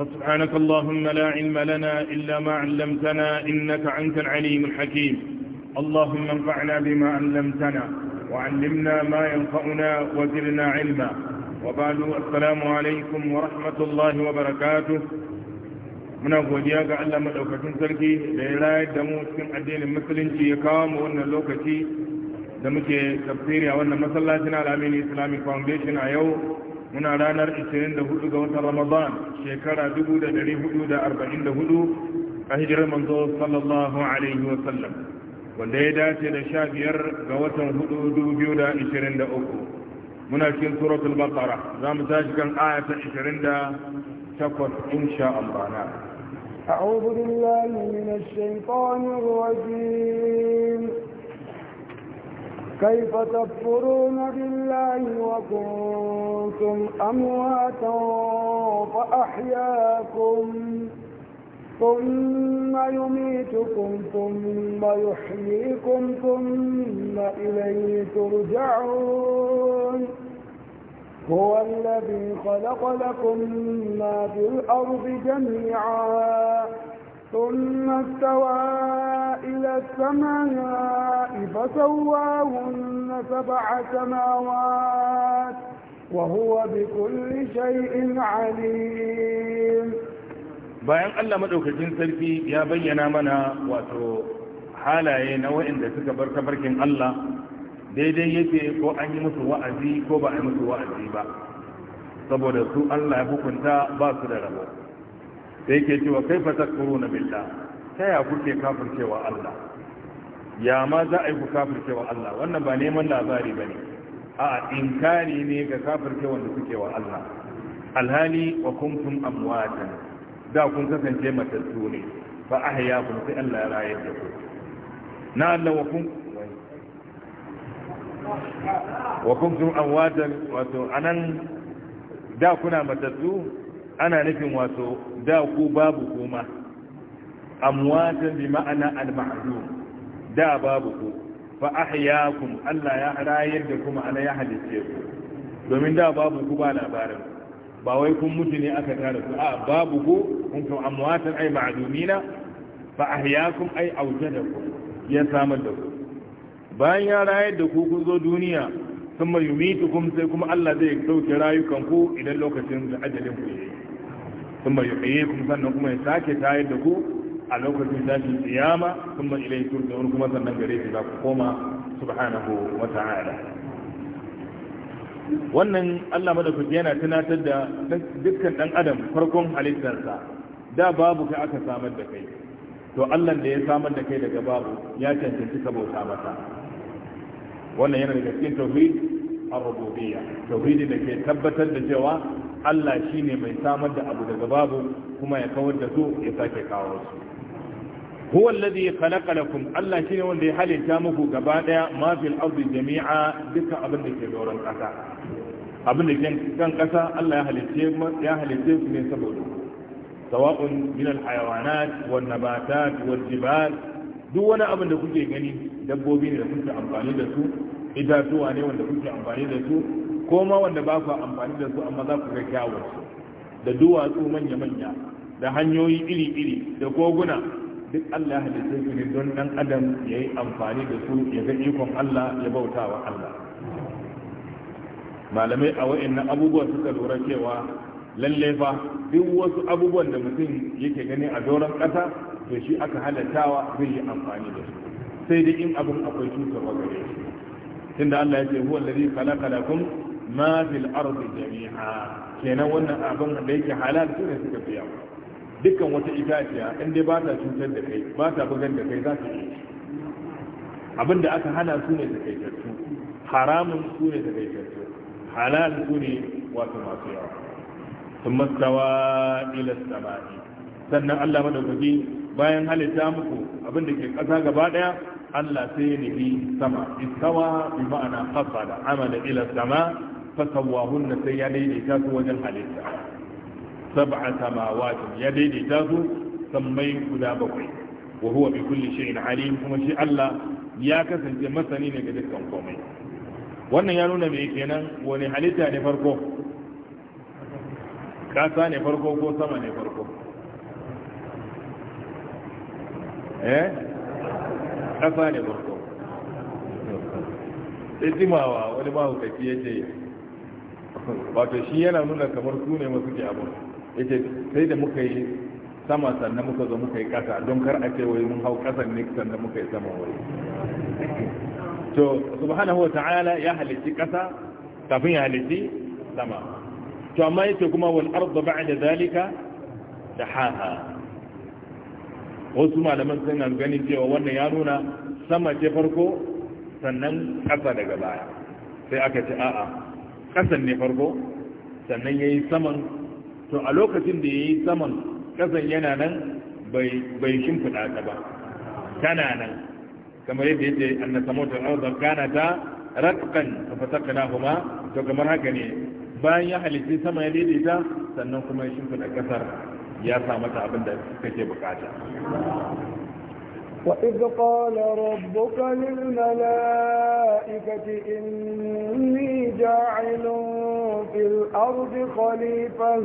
فسبحانك اللهم لا علم لنا إلا ما علمتنا إنك أنت العليم الحكيم اللهم انفعنا بما علمتنا وعلمنا ما ينفعنا وزرنا علما السلام عليكم ورحمة الله وبركاته muna godiya ga Allah madaukakin sarki da ya rayar da mu cikin addinin musulunci ya kawo mu wannan lokaci da muke tafsiri a wannan masallacin al Islamic Foundation a yau muna ranar 24 ga watan ramadan shekara 1444 a hijirar manzo sallallahu alaihi wasallam wanda ya dace da sha biyar ga watan hudu dubu da ishirin da uku muna cikin suratul baqara za mu tashi kan aya ta da takwas insha Allah na أعوذ بالله من الشيطان الرجيم كيف تكفرون بالله وكنتم أمواتا فأحياكم ثم يميتكم ثم يحييكم ثم إليه ترجعون هو الذي خلق لكم ما في الأرض جميعا ثم استوى إلى السماء فسواهن سبع سماوات وهو بكل شيء عليم bayan Allah madaukakin sarki ya bayyana mana wato halaye na waɗanda suka bar tabarkin Allah daidai yake ko an yi musu wa'azi ko ba a yi musu wa'azi ba saboda su Allah ya hukunta ba su da rabo da yake wa kai kuro na billa ta ya kuke kafircewa Allah ya ma za a yi ku kafircewa Allah wannan ba neman labari ba ne a inkari ne ga kafircewa da kuke wa Allah alhali wa kuntum amwatan da kun kasance matattu ne fa kun sai Allah ya rayar da ku na Allah wa kun wa kuntum amwatan wato anan da kuna matattu ana nufin wato da ku babu kuma amwatan bi ma'ana al-ma'dum da babu ku fa ahyaakum Allah ya rayar da kuma ala ya halice ku domin da babu ku ba labarin ba wai kun mutu ne aka tare ku a babu ku kun kun amwatan ay ma'dumina fa ahyaakum ay awjadakum ya samar da ku bayan ya rayar da ku kun zo duniya sun mai yumitukum sai kuma Allah zai dauke rayukan ku idan lokacin da ajalin ku yayi kuma yuhyikum kuma sannan kuma ya sake tayar da ku a lokacin tashin tsiyama kuma ilai turja'un kuma sannan gare shi za ku koma subhanahu wa ta'ala wannan Allah madaukaki yana tunatar da dukkan dan adam farkon halittarsa da babu kai aka samar da kai to Allah da ya samar da kai daga babu ya cancanci ka bauta masa wannan yana daga cikin tauhid ar-rububiyya tauhidin da ke tabbatar da cewa Allah shi ne mai samar da abu daga babu kuma ya kawar da su ya sake kawo su huwa alladhi khalaqa lakum Allah shi ne wanda ya halitta muku gaba daya ma fil jami'a duka abin da ke doron ƙasa abin da ke kan ƙasa Allah ya halitte ya halitte su ne saboda sawa'un min al hayawanat wan nabatat wal jibal duk wani abin da kuke gani dabbobi ne da kuke amfani da su itatuwa ne wanda kuke amfani da su Koma wanda ba ku amfani da su amma za ku ga kyawun da duwatsu manya-manya da hanyoyi iri-iri da koguna duk Allah ya halitta su ne don dan adam ya yi amfani da su ya ga ikon Allah ya bauta wa Allah malamai a na abubuwa suka lura cewa lalle fa duk wasu abubuwan da mutum yake gani a doron ƙasa to shi aka halattawa zai yi amfani da su sai dai in abin akwai wa gare shi tunda Allah ya ce huwa allazi khalaqa lakum ma fil ardi jami'a kenan wannan abin da yake halal ne suka biya dukkan wata itaciya in dai ba ta cutar da kai ba ta bugan da kai za ta yi abin da aka hana su ne takaitattu haramun su ne takaitattu halal su ne wato masu yawa sun mastawa ila samani sannan Allah madaukaki bayan halitta muku abin da ke ƙasa gaba daya Allah sai ya nufi sama istawa bi ma'ana da amala ila sama fasawahunna sai ya daidaita su wajen halitta sab'a samawati ya daidaita su sammai guda bakwai wa huwa bi kulli shay'in alim kuma shi Allah ya kasance masani ne ga dukkan komai wannan ya nuna mai kenan wani halitta ne farko kasa ne farko ko sama ne farko eh kasa ne farko jimawa wani mahaukaci ya ce wato shi yana nuna kamar su ne masu ke abu yake sai da muka yi sama sannan muka zo muka yi kasa don kar a ce wai mun hau kasa ne sannan muka yi sama wai to subhanahu wata'ala ya halitti kasa kafin ya halitti sama to amma yake kuma wal ardu ba'da zalika dahaha wasu malaman sun gani cewa wannan ya nuna sama ce farko sannan kasa daga baya sai aka ce a'a kasan ne farko sannan ya yi saman to a lokacin da ya yi saman kasan yana nan bai shimfiɗa ta ba tana nan kamar yadda ya ce an na samotar arzar kana ta ratkan ta fasaka na kuma to kamar haka ne bayan ya halitta sama ya daidaita sannan kuma ya shimfiɗa kasar ya sa mata abin da kake bukata وإذ قال ربك للملائكة إني جاعل في الأرض خليفة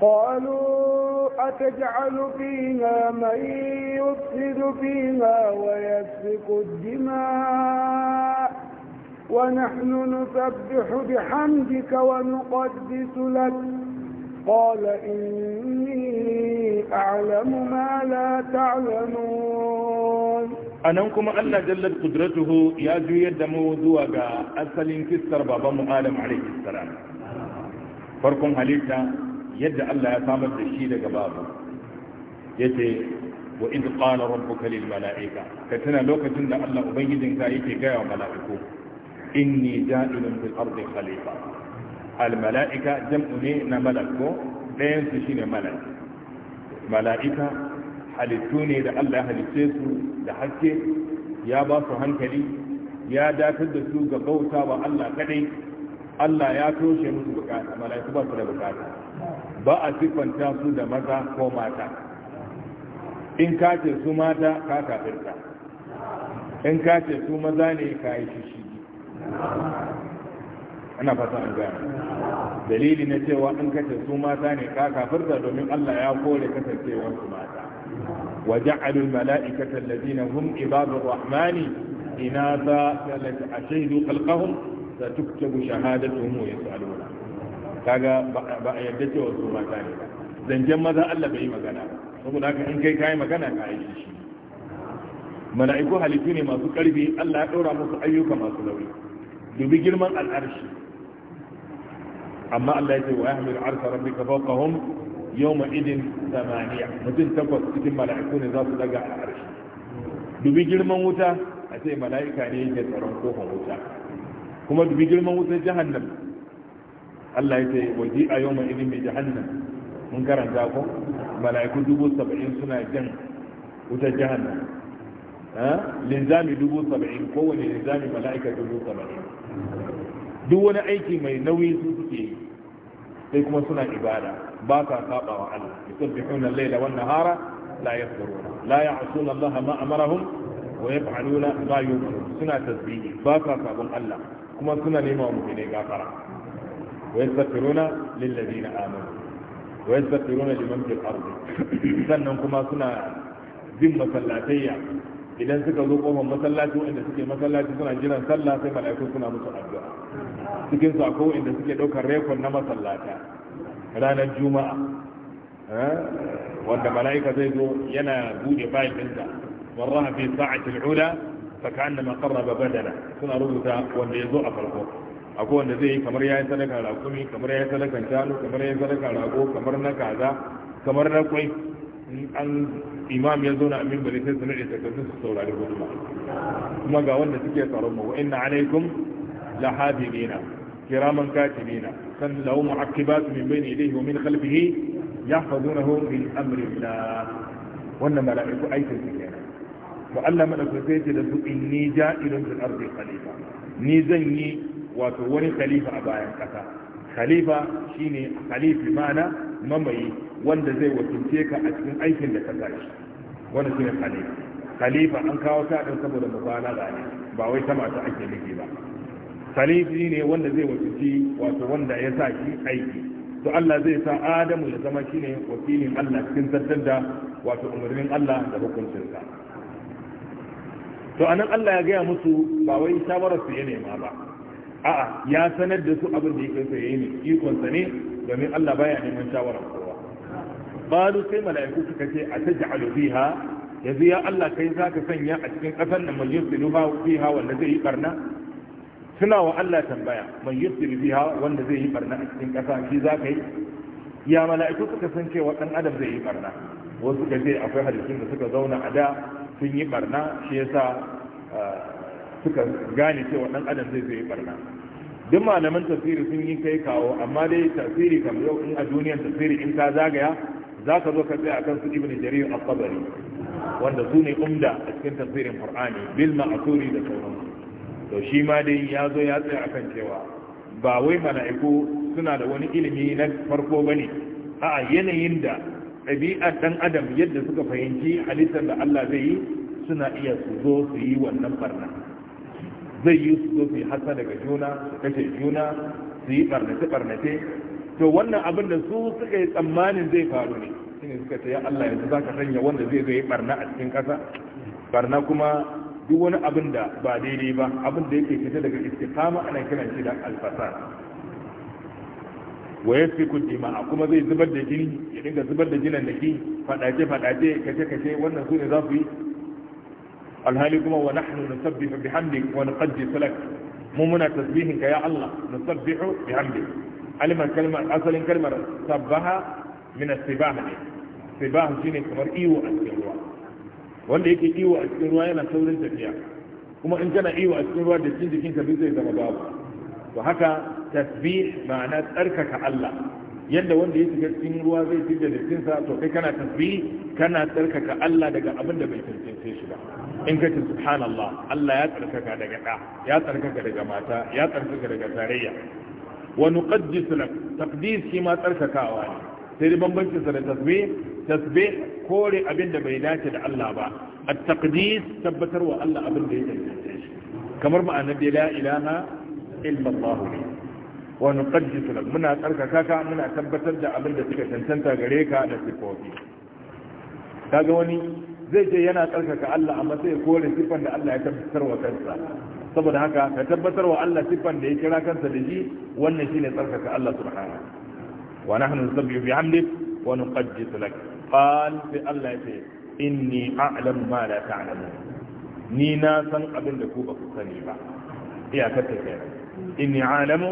قالوا أتجعل فيها من يفسد فيها ويسفك الدماء ونحن نسبح بحمدك ونقدس لك قال إني أعلم ما لا تعلمون anan kuma Allah jallar kudratuhu ya juyar da mu zuwa ga asalin kistar baban mu Adam alaihi salam farkon halitta yadda Allah ya samar da shi daga babu yace wa in qala rabbuka lil malaika ka tana lokacin da Allah ubangijinka yake gaya wa mala'iku inni ja'ilun fil ardi khalifa al-mala'ika jam'u ne na malak ko ɗayan su shine malak mala'ika halittu ne da Allah ya halitte su da haske ya ba su hankali ya datar da su ga bauta wa Allah kadai Allah ya toshe musu bukata mala'iku ba su da bukata ba a siffanta su da maza ko mata in ka ce su mata ka kafirta in ka ce su maza ne ka yi shishigi ina fata an gaya. dalili na cewa in kace su mata ne ka kafirta domin Allah ya kore kasancewar su mata wa ja'alul mala'ikata alladhina hum ibadur rahmani inatha allati ashhadu khalqahum satuktabu shahadatuhum wa yas'aluna kaga ba a yadda cewa su mata ne ba zancen maza Allah bai yi magana ba saboda haka in kai kai magana ka yi shi mala'iku halittu ne masu karfi Allah ya ɗora musu ayyuka masu nauyi dubi girman al'arshi amma Allah ya ce wa yahmilu arsha rabbika fawqahum yawma idin samaniya mutum takwas cikin mala'iku ne za su daga a arshi dubi girman wuta a ce mala'ika ne yake tsaron kofar wuta kuma dubi girman wutar jahannam Allah ya ce waje a yawma idin bi jahannam mun karanta ko mala'iku dubu saba'in suna jan wutar jahannam linzami dubu saba'in kowane linzami mala'ika dubu saba'in duk wani aiki mai nauyi su suke yi sai kuma suna ibada ba ka saba wa Allah yusabbihuna al-laila wan nahara la yafturuna la ya'suna Allah ma amarahum wa yaf'aluna ma yu'marun suna tasbihi ba ka sabon Allah kuma suna nema wa mu'mini gafara wa yastaghfiruna lil ladina amanu wa yastaghfiruna liman fil ardi sannan kuma suna bin masallatayya idan suka zo kofar masallaci wanda suke masallaci suna jiran sallah sai mala'iku suna musu addu'a cikin su akwai inda suke ɗaukar rekon na masallata ranar juma'a eh, wanda mala'ika zai zo yana buɗe bayan ɗinsa warra fi sa'atil ula fa ka'annama qarraba badala suna rubuta wanda ya zo a farko akwai wanda zai yi kamar ya yi sadaka raƙumi kamar ya yi sadakan shanu kamar ya yi sadaka rago kamar na kaza kamar na kwai an imam ya zauna amin bari sai sanar da takardun su saurari huduma kuma ga wanda suke tsaron mu wa inna alaikum la hadirina kiraman katibina kan lahu mu'aqibat min bayni yadayhi wa min khalfihi yahfazunahu min amri Allah wannan mala'iku aikin su kenan to Allah madaukake ce da su inni ja'ilun fil ardi khalifa ni zan yi wato wani khalifa a bayan kasa khalifa shine khalifi mamayi wanda zai wakilce ka a cikin aikin da ka tashi wannan shine khalifa khalifa an kawo ta dan saboda mubalaga ne ba wai sama ta ake nufi ba khalifi ne wanda zai wakilci wato wanda ya sa shi aiki to Allah zai sa Adamu ya zama shine wakilin Allah cikin zartar da wato umarnin Allah da hukuncinsa to anan Allah ya gaya musu ba wai shawarar su ya nema ba a'a ya sanar da su abin da yake so yayi ne ikon sa ne domin Allah baya neman shawarar kowa qalu sai mala'iku suka ce taj'alu fiha yanzu ya Allah kai zaka sanya a cikin kasar nan mai yusilu fiha wanda zai yi barna suna wa Allah tambaya man yusir biha wanda zai yi barna a cikin ƙasa shi za ka yi ya mala'iku suka san cewa ɗan adam zai yi barna wasu suka zai akwai halittun da suka zauna a da sun yi barna shi yasa ah, suka gane cewa ɗan adam zai zai yi barna duk malaman tafsiri sun yi kai kawo amma dai tafsiri kam yau in a duniyar tafsiri in ka zagaya za ka zo ka tsaya akan su ibn jarir al-tabari wanda su ne umda a cikin tafsirin qur'ani bil ma'asuri da sauransu to shi ma dai ya zo ya tsaya akan cewa ba wai mala'iku suna da wani ilimi na farko ba ne. a yanayin da ɗabi'ar ɗan adam yadda suka fahimci halittar da Allah zai yi suna iya su zo su yi wannan barna zai yi su zo su yi hasa daga juna su kashe juna su yi barnace barnace to wannan abin da su suka yi tsammanin zai faru ne shine suka ce ya Allah yanzu zaka sanya wanda zai zo yi barna a cikin ƙasa barna kuma duk wani abin da ba daidai ba abin da yake fita daga istiqama ana kiran shi da alfasad wa yasfiku dima'a kuma zai zubar da jini ya dinga zubar da jinan dake fadace fadace kace kace wannan su ne za su yi alhali kuma wa nahnu nusabbihu bihamdik wa nuqaddis lak mu muna tasbihin ka ya Allah nusabbihu bihamdik alimar kalmar asalin kalmar sabbaha min as-sibah ne sibah shine kamar iwo a cikin ruwa wanda yake iwo a cikin ruwa yana saurin tafiya kuma in kana iwo a cikin ruwa da cikin jikinka duk zai zama babu to haka tasbih ma'ana tsarkaka Allah yadda wanda ya shiga cikin ruwa zai fi da lissinsa to kai kana tasbih kana tsarkaka Allah daga abin da bai cancance shi ba in ka ce subhanallah Allah ya tsarkaka daga da ya tsarkaka daga mata ya tsarkaka daga tarayya wa nuqaddis lak taqdis shi ma tsarkakawa ne sai dai bambancin sa da tasbih tasbih kore abin da bai dace da Allah ba a taqdis tabbatar wa Allah abin da ya dace shi kamar ma'anar da la ilaha illa Allah wa nuqaddisu lak muna tsarkaka ka muna tabbatar da abin da suka tantanta gare ka da sifofi kaga wani zai je yana tsarkaka Allah amma sai ya kore sifan da Allah ya tabbatar wa kansa saboda haka ka tabbatar wa Allah sifan da ya kira kansa da shi wannan shine tsarkaka Allah subhanahu wa nahnu nusabbihu bihamdik wa nuqaddisu lak qal sai Allah ya ce inni a'lamu ma la alamu ni na san abin da ku ba ku sani ba iyakar ta kenan inni a'lamu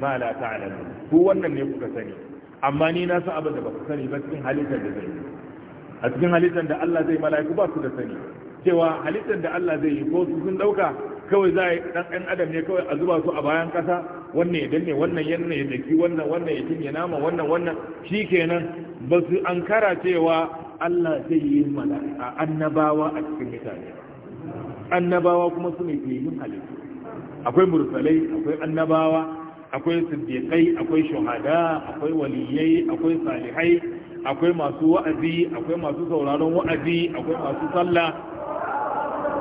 ma la ta'lamun ku wannan ne kuka sani amma ni na san abin da ba ku sani ba cikin halittar da zai a cikin halittar da Allah zai mala'iku ba su da sani cewa halittar da Allah zai yi ko su sun dauka kawai za a yi ɗan adam ne kawai a zuba su a bayan ƙasa wannan ya danne wannan nuna ya daki wannan wannan ya cinye nama wannan wannan shi kenan ba su an kara cewa Allah zai yi a annabawa a cikin mutane annabawa kuma su ne ke yi halittu akwai mursalai akwai annabawa akwai siddiƙai akwai shuhada akwai waliyai akwai salihai akwai masu wa'azi akwai masu sauraron wa'azi akwai masu sallah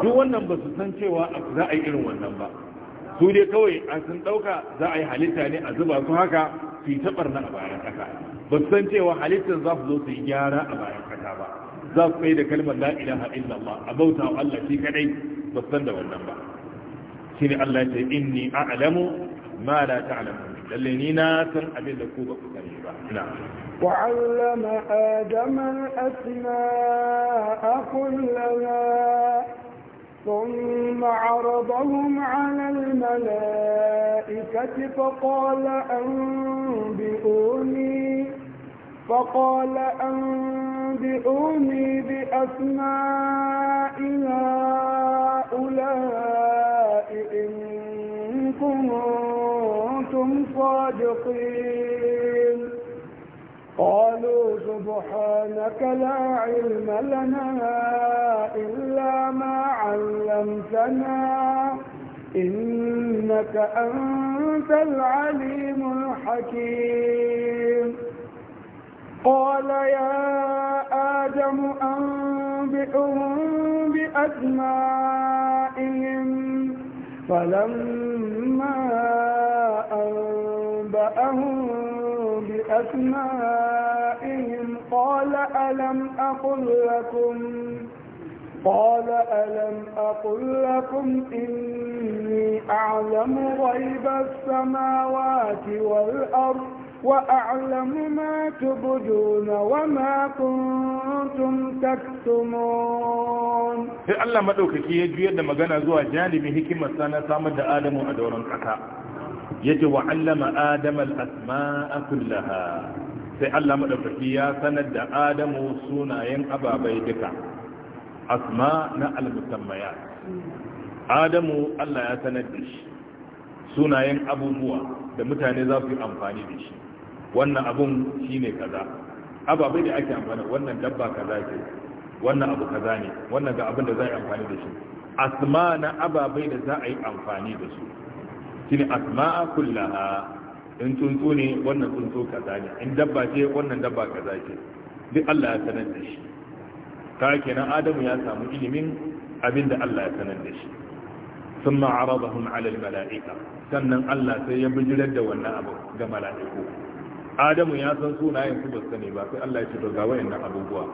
duk wannan ba su san cewa za a yi irin wannan ba su dai kawai a sun ɗauka za a yi halitta ne a zuba su haka su yi taɓar na a bayan ƙasa ba su san cewa halittar za su zo su yi gyara a bayan ƙasa ba za su kai da kalmar la ilaha illallah a bauta wa Allah shi kadai ba su san da wannan ba shi ne Allah ce inni a'lamu ma la ta'lamu lalle ni na san abin da ku ba ku sani ba na'am وعلم آدم الأسماء كلها ثم عرضهم على الملائكة فقال أنبئوني فقال أنبئوني بأسماء هؤلاء إن كنتم صادقين قالوا سبحانك لا علم لنا إلا ما علمتنا إنك أنت العليم الحكيم قال يا آدم أنبئهم بأسمائهم فلما أنبئهم جاءهم بأسمائهم قال ألم أقل لكم قال ألم أقل لكم إني أعلم غيب السماوات والأرض وأعلم ما تبدون وما كنتم تكتمون في الله مدوكك يجي يد مغانا زوا جانبي حكمة سنة سامد آدم ودورا كتا yace wa allama adama al-asma'a kullaha sai Allah madaukaki ya sanar da Adamu sunayen ababai duka asma na al-musammayat Adamu Allah ya sanar da shi sunayen abubuwa da mutane za su yi amfani da shi wannan abun shine kaza ababai da ake amfani wannan dabba kaza ce wannan abu kaza ne wannan ga abin da za a yi amfani da shi asma na ababai da za a yi amfani da su shine asma'a kullaha in tsuntsu ne wannan tsuntsu kaza ne in dabba ce wannan dabba kaza ce duk Allah ya sanar da shi ka kenan Adamu ya samu ilimin abin da Allah ya sanar da shi sun ma'aradahum alal mala'ika sannan Allah sai ya bijirar da wannan abu ga mala'iku Adamu ya san sunayen su ba ne ba sai Allah ya ce to ga wayannan abubuwa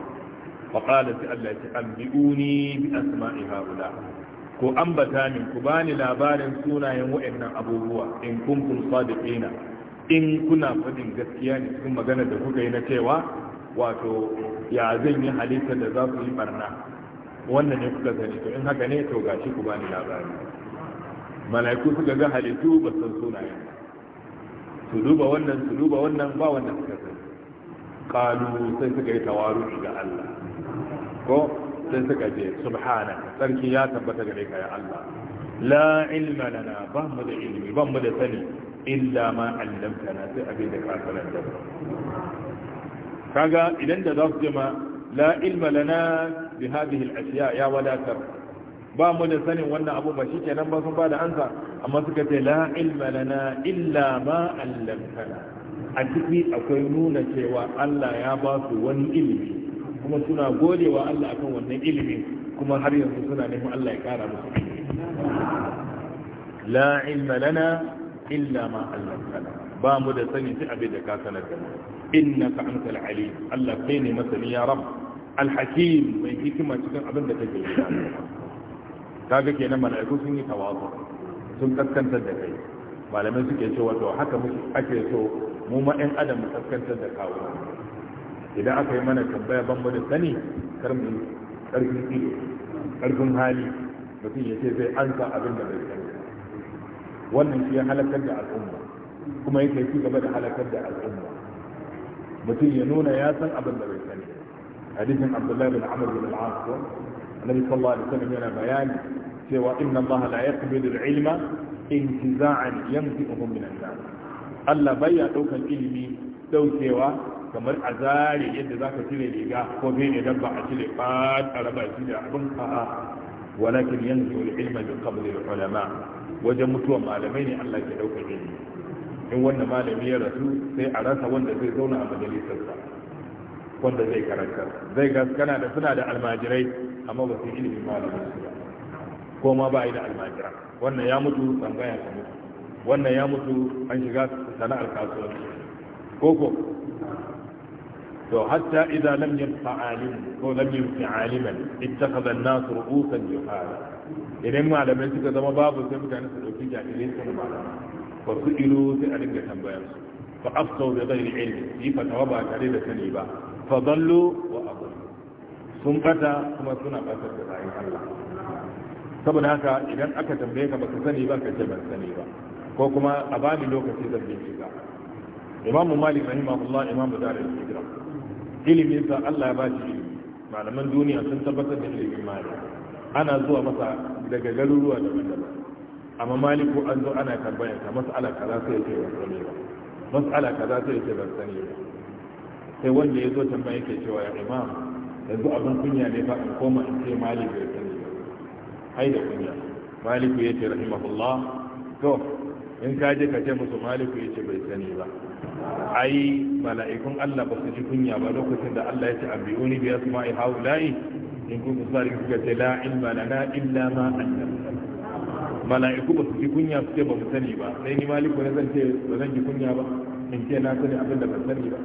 fa qala sai Allah ya ce anbi'uni bi asma'i haula ko ambata min ku bani labarin sunayen wa'annan abubuwa in kuntum sadiqina in kuna fadin gaskiya ne cikin magana da kuka yi na cewa wato ya zan yi halitta da za ku yi barna wannan ne kuka gani to in haka ne to gashi ku bani labari mala'iku suka ga halittu ba san sunayen su duba wannan su duba wannan ba wannan suka sani kalu sai suka yi tawaru ga Allah ko sai suka ce subhana sarki ya tabbata gare ka ya Allah la ilma lana ba mu da ilimi ba mu da sani illa ma allamtana sai abin da ka sanar da kaga idan da za su jima la ilma lana bi hadhihi al-ashya ya wadatar ba mu da sanin wannan abu ba shikenan ba sun bada ansa amma suka ce la ilma lana illa ma allamtana a ciki akwai nuna cewa Allah ya ba su wani ilimi kuma suna gode wa Allah akan wannan ilimin kuma har yanzu suna neman Allah ya kara musu la ilma lana illa ma 'allamtana ba mu da sani sai abin da ka sanar da mu innaka antal alim Allah kai ne masani ya rabb alhakim mai hikima cikin abin da kake yi kaga kenan mala'iku sun yi tawazu sun kaskantar da kai malamai suke cewa to haka muke ake so mu ma ɗan adam mu kaskantar da kawo idan aka yi mana tambaya ban da sani kar mu karfin ido karfin hali mutum ya ce zai ansa abin da bai sani wannan shi ya halakar da al'umma kuma yake ci gaba da halakar da al'umma mutum ya nuna ya san abin da bai sani hadisin abdullahi bin amr bin al-as ko annabi sallallahu alaihi wasallam yana bayani cewa inna allaha la yaqbilu al-ilma intiza'an yamtihu min an-nas Allah bai ya daukan ilimi daukewa kamar a zare yadda za ka cire riga ko zai ne dabba a cire ba a raba shi da abin a'a walakin yanzu ilma kabu da ulama wajen mutuwa malamai ne Allah ke dauka ilimi in wannan malami ya rasu sai a rasa wanda zai zauna a majalisarsa wanda zai karantar zai gaskana da suna da almajirai amma ba su yi ilimin malamin su ba ko ma ba yi da almajira wannan ya mutu tsangaya ka mutu wannan ya mutu an shiga sana'ar kasuwanci koko to hatta idza lam yabqa alim ko lam yabqa aliman ittakhadha an-nas ru'usan juhala idan malamai suka zama babu sai mutane su dauki jahilai su malama ba su sai a dinga tambayar su fa afsau bi ba tare da sani ba fa wa sun bata kuma suna batar da bayan Allah saboda haka idan aka tambaye ka baka sani ba ka ce ban sani ba ko kuma a bani lokaci zan bincika imamu malik rahimahullah imamu darul hijra ilimi sa Allah ya ba shi malaman duniya sun tabbatar da ilimin mali ana zuwa masa daga garuruwa daban-daban amma maliku an zo ana tambayar ta mas'ala kaza sai yake ce sani ba mas'ala kaza sai yake ce sani ba sai wanda ya zo tambaya yake cewa ya imam yanzu abin kunya ne ba in koma in ce maliku ya sani ba ai da kunya maliku ya ce rahimahullah to in ka je ka ce musu maliku ya ce bai sani ba ai mala'ikun Allah ba su ji kunya ba lokacin da Allah ya ce abiyuni biya su ma'i haula'i in kun su sari suka ce la ilma lana illa ma annabta mala'iku ba su ji kunya su ce ba mu sani ba sai ni maliku ne zan ce ba zan ji kunya ba in ce na sani abin da ban sani ba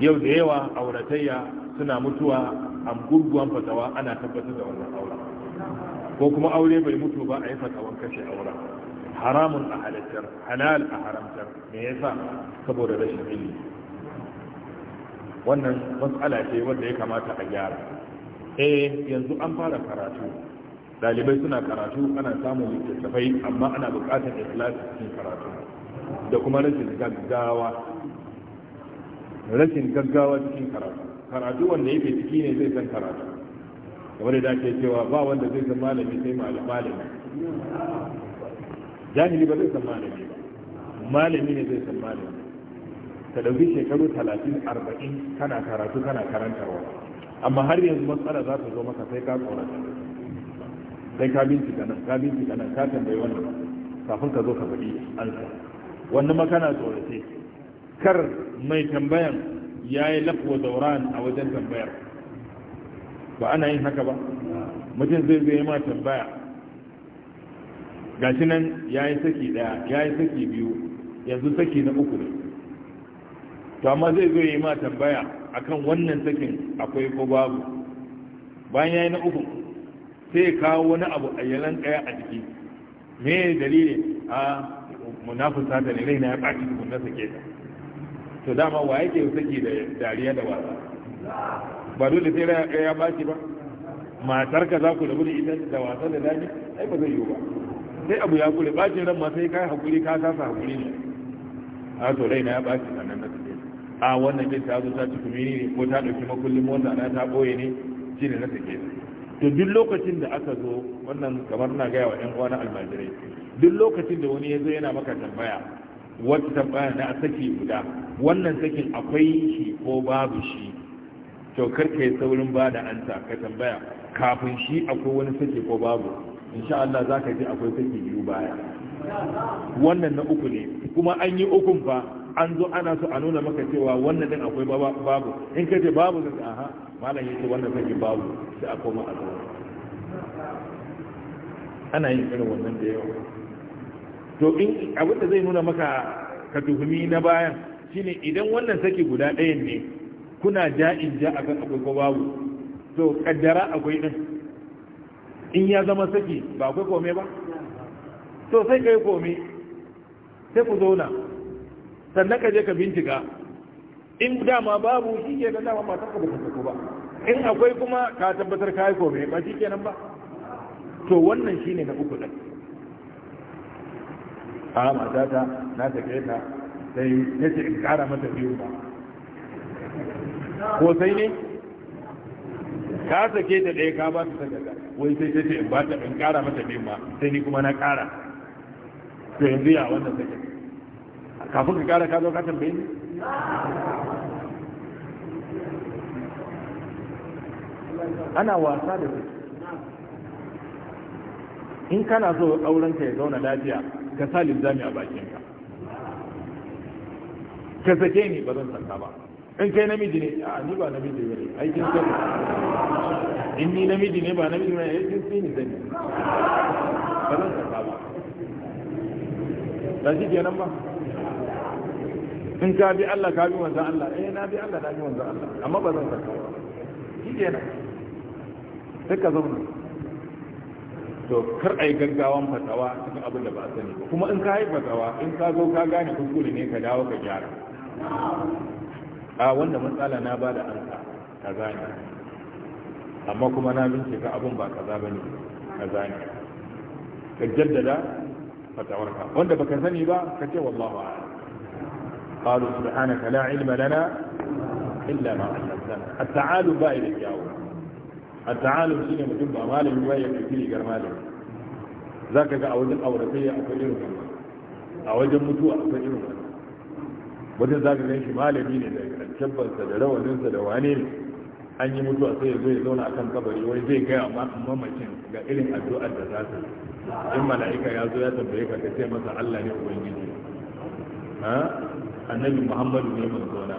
yau da yawa auratayya suna mutuwa a gurguwan fatawa ana tabbatar da wannan aure ko kuma aure bai mutu ba a yi fatawan kashe auren haramun a halittar halal a haramtar me yasa saboda rashin ilimi wannan matsala ce wanda ya kamata a gyara eh yanzu an fara karatu dalibai suna karatu ana samun littattafai amma ana bukatar ikhlasi cikin karatu da kuma rashin gaggawa rashin gaggawa cikin karatu karatu wanda yake ciki ne zai san karatu kamar da ake cewa ba wanda zai san malami sai malami jahili ba zai san malami ba malami ne zai san malami ta dauki shekaru talatin arba'in kana karatu kana karantarwa amma har yanzu matsala za ta zo maka sai ka tsorata sai ka bincika nan ka ka nan ka tambayi wannan kafin ka zo ka faɗi ansa wannan ma kana tsorace kar mai tambayan ya yi lafuwa dauran a wajen tambayar ba ana yin haka ba mutum zai zai ma tambaya gashi nan ya yi saki ɗaya ya yi saki biyu yanzu saki na uku ne to amma zai zo yi ma tambaya akan wannan sakin akwai ko babu bayan ya yi na uku sai kawo wani abu a yalan ɗaya a jiki me dalili a munafusa da ne raina ya baki tukun na sake ta to dama wa yake saki da dariya da wasa ba dole sai raina ya baki ba matarka za ku da wuri da wasa da dani ai ba zai yiwu ba sai abu ya kure ba ran ma sai kai hakuri ka sasa hakuri ne a to rai na ya baci sannan na tafi a wannan din ta zo ta ci kumini ne ko ta dauki makullin mota na ta boye ne ne na take to duk lokacin da aka zo wannan kamar na gaya wa 'yan uwa na almajirai duk lokacin da wani ya zo yana maka tambaya wata tambaya na saki guda wannan sakin akwai shi ko babu shi to karka yi saurin ba da ansa ka tambaya kafin shi akwai wani saki ko babu insha Allah za ka ji akwai saki biyu baya wannan na uku ne kuma an yi ukun fa an zo ana so a nuna maka cewa wannan din akwai babu in ka ce babu zai aha malam yace wannan saki babu sai a koma a zuwa ana yin irin wannan da yawa to in abin da zai nuna maka ka tuhumi na bayan shine idan wannan saki guda ɗayan ne kuna ja'in ja akan akwai ko babu to kaddara akwai din in ya zama saki ba akwai kome ba to sai ka yi kome sai ku zauna sannan ka je ka bincika in dama babu shi ke ga dama matar ka ba ta ba in akwai kuma ka tabbatar ka yi kome ba shi kenan ba to wannan shine na uku ɗin a matata na take ta sai ya ce in kara mata biyu ba ko sai ne ka sake ta ɗaya ka ba su ta. wai sai sai in bata in kara mata bin ma sai ni kuma na kara to yanzu ya wannan sai kafin ka kara ka zo ka tambaye ni ana wasa da su in kana so ka ya zauna lafiya ka sa linzami a bakinka ka sake ni ba zan sanka ba in kai namiji ne a ah, ni ba namiji ne aikin sani in ni namiji ne ba namiji ne aikin sani sani ba zan saka ba ba shi kenan ba in ka bi Allah ka bi wanzan Allah eh na bi Allah na bi wanzan Allah amma ba zan saka ba shi kenan sai ka zauna to kar a yi gaggawan fatawa cikin abin da ba a sani ba kuma in ka yi fatawa in ka zo ka gane kuskure ne ka dawo ka gyara a wanda matsala na ba da anka ka zane amma kuma na binke ka ba kaza bane ka zane ka jaddada fatawarka wanda baka sani ba ka ce wallahu a ƙalu subhanaka la ilma lana illa ma allatana at-ta'alu ba ila yawo at-ta'alu shine mutum ba malami ba ya kike gar malami zaka ga a wajen aure sai akwai irin wannan a wajen mutuwa akwai irin wannan wajen za ka ganshi malami ne da tabbarsa da rawaninsa da wane ne an yi mutuwa sai zai zauna akan kabari wai zai gaya ma mamacin ga irin addu'ar da za ta yi in mala'ika ya zo ya tambaye ka ka ce masa Allah ne ubangiji ha annabi Muhammadu ne zauna.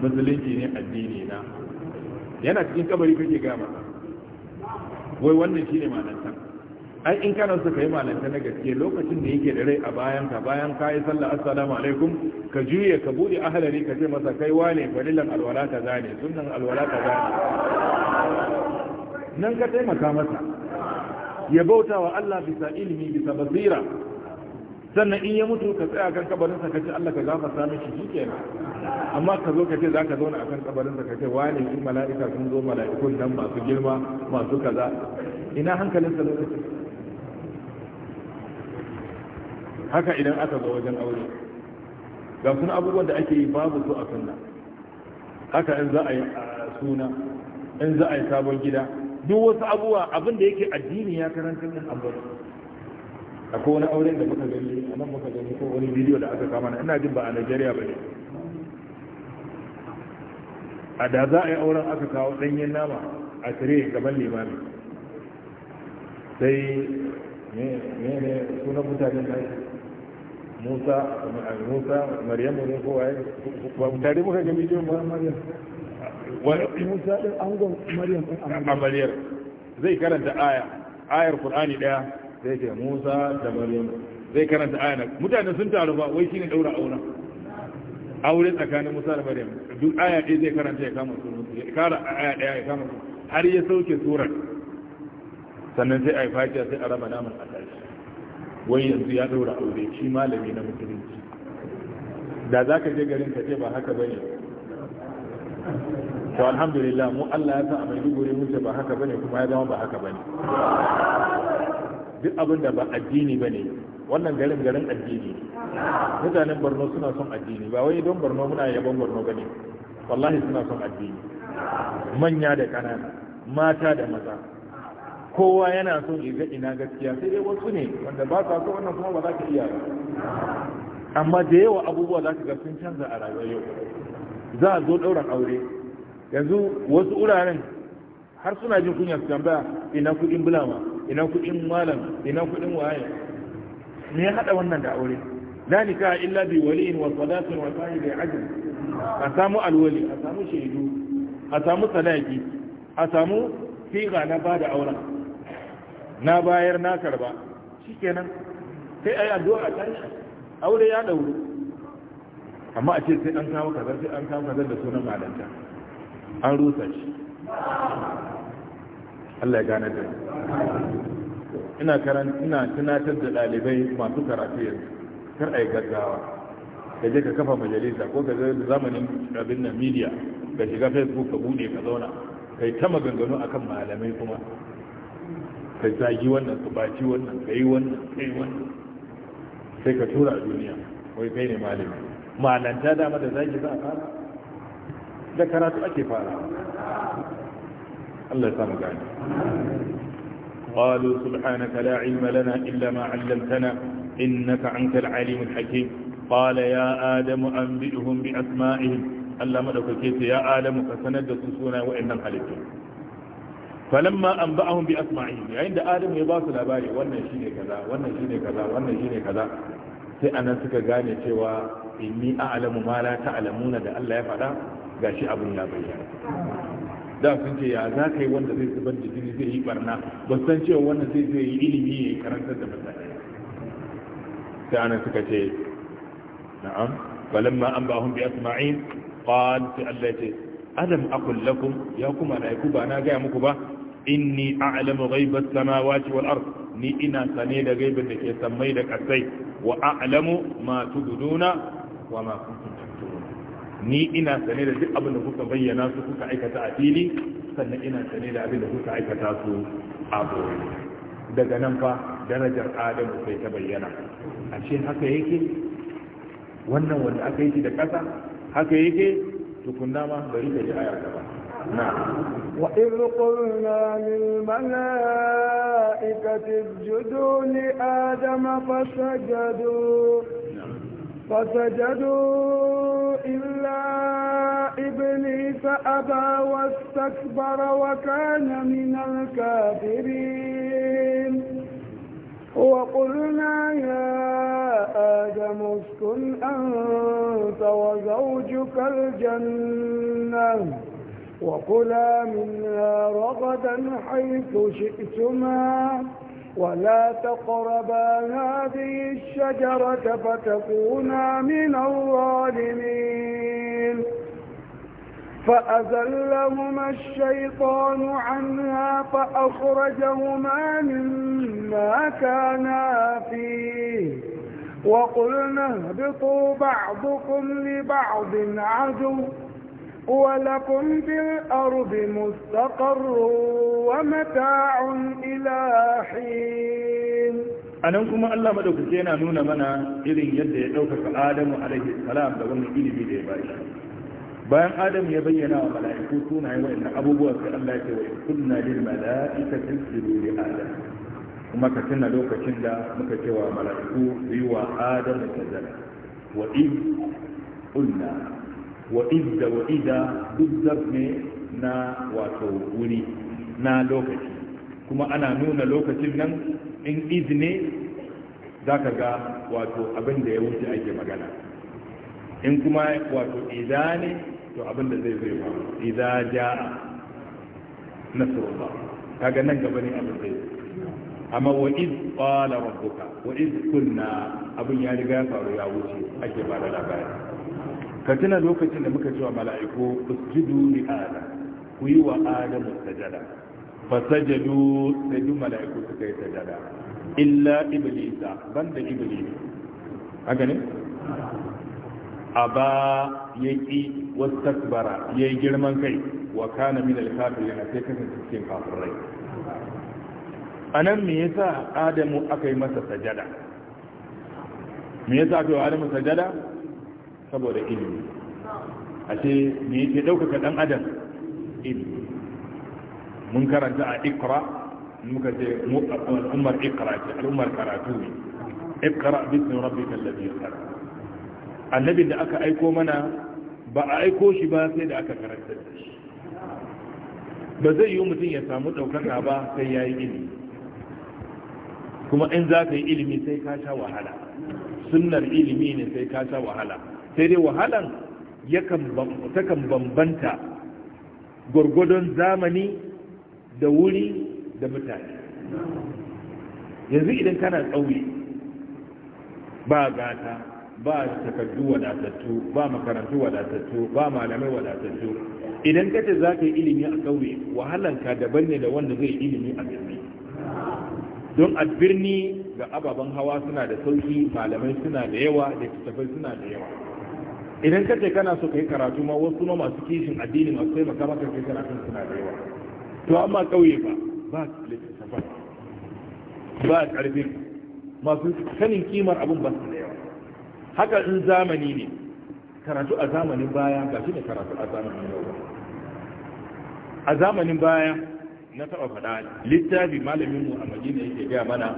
musulunci ne addini na yana cikin kabari kake gama wai wannan shine malantan ai in kana so ka yi malanta na gaske lokacin da yake da rai a bayan ka bayan ka yi sallah assalamu alaikum ka juye ka bude ahalari ka ce masa kai wane farilan alwala ta zane sunan alwala ta zane nan ka taimaka masa ya bauta wa Allah bisa ilimi bisa basira sannan in ya mutu ka tsaya kan kabarinsa ka ce Allah ka gafarta mishi shikenan amma ka zo ka ce zaka zauna akan kabarinsa ka ce wane in mala'ika sun zo mala'ikun nan masu girma masu kaza ina hankalinsa lokacin haka idan aka zo wajen aure ga suna abubuwan da ake yi babu su a sunna haka in za a yi suna in za a yi sabon gida duk wasu abubuwa abin da yake addini ya karanta din abin akwai wani auren da muka gani anan nan muka gani ko wani bidiyo da aka kama ina jin ba a Najeriya ba ne a da za a yi auren aka kawo ɗanyen nama a tire gaban limami sai ne ne sunan mutanen da musa musa maryamu ne ko waye ba tare muka ga bidiyon ba maryam wa musa din angon maryam din amaliyar zai karanta aya ayar qur'ani daya zai ce musa da maryam zai karanta aya mutane sun taru ba wai shine daura aure aure tsakanin musa da maryam duk aya ɗaya zai karanta ya kama su ya kara aya ɗaya ya kama su. har ya sauke surar sannan sai a yi sai a raba naman a tashi wai yanzu ya ɗora aure shi malami na musulunci da za ka je garin ka ce ba haka ba ne to alhamdulillah mu Allah ya sa a mai dugure mun ce ba haka ba ne kuma ya zama ba haka ba ne. duk abin da ba addini ba ne wannan garin garin addini mutanen Borno suna son addini ba wai don Borno muna yaban Borno ne. wallahi suna son addini manya da kanana mata da maza kowa yana so ya ga ina gaskiya sai dai wasu ne wanda ba sa so wannan kuma ba za ka iya ba amma da yawa abubuwa za ka ga sun canza a rayuwar yau za a zo ɗauran aure yanzu wasu wuraren har suna jin kunya su tambaya ina kuɗin bulama ina kuɗin malam ina kuɗin waye me ya haɗa wannan da aure la nikaha illa bi waliyin wa sadatin wa sahibi ajin a samu alwali a samu shaidu a samu sadaki a samu siga na bada auren na bayar na karba Shi shikenan sai yi addu'a a tashi aure ya ɗauru amma a ce sai an kawo kaza sai an kawo kaza da sunan malanta an rusa shi Allah ya gane da ina karanta ina tunatar da dalibai masu karatu yanzu kar a yi gaggawa ka je ka kafa majalisa ko ka zai zamanin abin na media ka shiga facebook ka bude ka zauna kai ta maganganu akan malamai kuma ka zagi wannan ka baki wannan ka yi wannan ka yi wannan sai ka tura a duniya wai kai ne malami malanta dama da zagi za a fara da karatu ake fara Allah ya samu gani قالوا سبحانك لا علم لنا إلا ما علمتنا إنك أنت العليم الحكيم قال يا آدم أنبئهم بأسمائهم ألا مدك كيس يا آدم فسند سسونا وإنهم حليتهم falamma an ba ba'ahum bi asma'ihim yayin da adamu ya ba su labari wannan shine kaza wannan shine kaza wannan shine kaza sai anan suka gane cewa inni a'lamu ma la ta'lamuna da Allah ya faɗa ga shi abun ya bayyana da sun ce ya za ka yi wanda zai zubar da jini zai yi barna ba san cewa wannan zai zai yi ilimi ya yi karantar da mutane sai anan suka ce na'am falamma an ba'ahum bi asma'ihim qal sai Allah ya ce adam akul lakum ya kuma na ba na gaya muku ba inni a'lamu ghaiba samawati wal ard ni ina sane da gaibin da ke sammai da kasai wa a'lamu ma tubduna wa ma kuntum taktumun ni ina sane da duk abin da kuka bayyana su kuka aikata a fili sannan ina sane da abin da kuka aikata su a boye daga nan fa darajar adamu sai ta bayyana ashe haka yake wannan wanda aka yi shi da kasa haka yake tukunna ma bari ka ji aya gaba نعم. وإذ قلنا للملائكة اسجدوا لآدم فسجدوا نعم. فسجدوا إلا إبليس أبى واستكبر وكان من الكافرين وقلنا يا آدم اسكن أنت وزوجك الجنة وكلا منها رغدا حيث شئتما ولا تقربا هذه الشجرة فتكونا من الظالمين فأذلهما الشيطان عنها فأخرجهما مما كانا فيه وقلنا اهبطوا بعضكم لبعض عدو ولكم في الأرض مستقر ومتاع إلى حين anan kuma Allah madaukake yana nuna mana irin yadda ya ɗaukaka Adamu alaihi salam da wani ilimi da ya bashi bayan Adam ya bayyana wa mala'iku sunayen wa'annan abubuwa sai Allah ya ce wa kunna lil mala'ikati tasjudu li Adam kuma ka tuna lokacin da muka ce wa mala'iku yi wa Adam sajada wa in wa'idda wa'ida duk zarfe na wato wuri na lokaci kuma ana nuna lokacin nan in izini za ka ga wato abin da ya wuce ake magana in kuma wato iza ne to abin da zai zai faru idza ba ta ga nan gaba ne abin zai amma wa iz qala rabbuka wa iz kunna abin ya riga ya faru ya wuce ake ba da labari ka tuna lokacin da muka cewa mala'iku usjudu li adam ku yi wa adam sajada fa sajadu sai duk mala'iku suka yi sajada illa iblisa banda iblis haka ne aba yaki wastakbara yayi girman kai wa kana min al-kafirin sai kasance cikin kafirai anan me yasa adamu aka yi masa sajada me yasa aka yi adamu sajada saboda ilimi a ce me ke ɗaukaka ɗan adam ilimi mun karanta a ikra muka ce al'ummar ikra ce al'ummar karatu ne ikra bisin rabbi kallabi ya kara annabi da aka aiko mana ba a aiko shi ba sai da aka karanta da shi ba zai yi mutum ya samu ɗaukaka ba sai ya yi ilimi kuma in za ka yi ilimi sai ka sha wahala sunnar ilimi ne sai ka sha wahala sai dai wahalan takan bambanta gwargwadon zamani da wuri da mutane yanzu idan kana tsauye ba gata ba takardu wadatattu ba makarantu wadatattu ba malamai wadatattu idan kace za ka yi ilimi a tsauye ka daban ne da wanda zai ilimi a birni don a birni ga ababen hawa suna da sauki malamai suna da yawa da suna da yawa idan ka ce kana so ka yi karatu ma wasu ma masu kishin addini masu taimaka maka kai karatu suna da yawa to amma kauye ba ba littattafan ba karfi masu sanin kimar abun ba su da yawa haka in zamani ne karatu a zamanin baya ga shi ne karatu a zamanin yau a zamanin baya na taɓa faɗa littafi malamin mu a madina yake gaya mana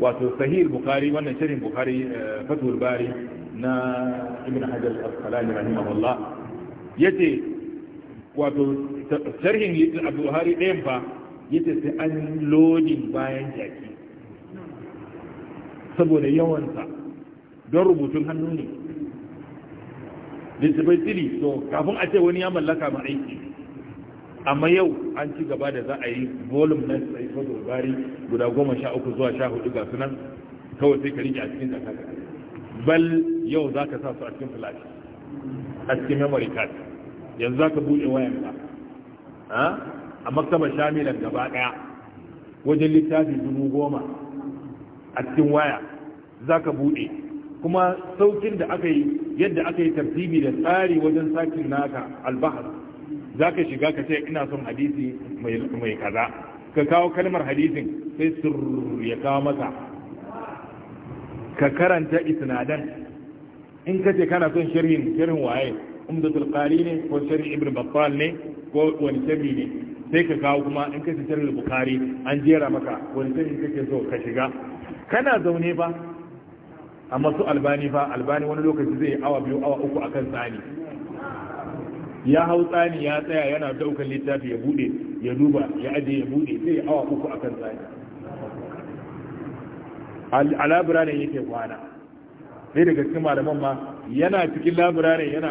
wato sahih bukhari wannan shirin bukhari eh, fatul bari na ibn hajar al-asqalani rahimahullah yace wato sharhin litin abu hari ɗayan fa yace sai an lodin bayan jaki saboda yawansa don rubutun hannu ne littafai tiri so kafin a ce wani ya mallaka ma aiki amma yau an ci gaba da za a yi volume na sai fadul bari guda goma sha uku zuwa sha hudu ga sunan kawai sai ka rike a cikin zakaka bal yau za ka sa su a cikin flash a cikin memory card yanzu za ka buɗe wayan ka a maktaba shamilan gaba ɗaya wajen littafi dubu goma a cikin waya za ka buɗe kuma saukin da aka yi yadda aka yi tartibi da tsari wajen sakin naka albahar za ka shiga ka ce ina son hadisi mai kaza ka kawo kalmar hadisin sai sur ya kawo maka ka karanta isnadan in ka ce kana son sharhin sharhin waye umdatul qari ne ko sharhin ibn battal ne ko wani sharhi ne sai ka kawo kuma in ka ce sharhin bukhari an jera maka wani sharhi kake so ka shiga kana zaune ba amma su albani fa albani wani lokaci zai awa biyu awa uku akan tsani ya hau tsani ya tsaya yana daukan littafi ya bude ya duba ya aje ya bude zai awa uku akan tsani a labirarin yake kwana sai daga cikin malaman ma yana cikin labirarin yana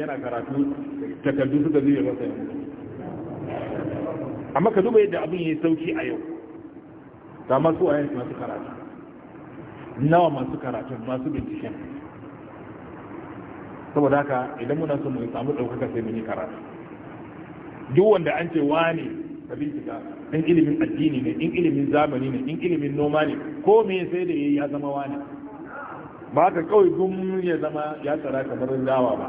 yana karatu takardu suka zuwa masa yau amma ka duba yadda abin ya yi sauki a yau ta masu wayan masu karatu nawa masu karatu masu binciken saboda haka idan muna son mu samu ɗaukaka sai mun yi karatu duk wanda an ce wane ka bincika in ilimin addini ne in ilimin zamani ne in ilimin noma ne ko me sai da yayi ya zama wani ba ka kawai gum ya zama ya tsara kamar dawa ba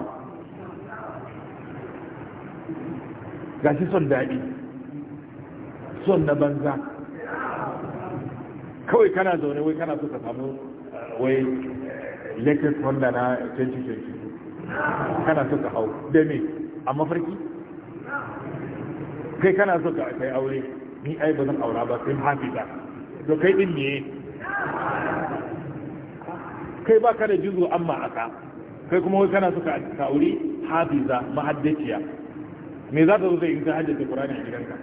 gashi son daɗi son na banza kawai kana zaune wai kana so ka samu eh, wai eh, latest honda na 2022 kana so ka hau da me a mafarki kai kana so ka kai aure ni ai ba zan aura ba sai hafiza to kai din ne kai ba ka da jizo amma aka kai kuma wai kana suka ka aure hafiza mahaddaciya me za ta zo zai in ka haddace qur'ani a gidanka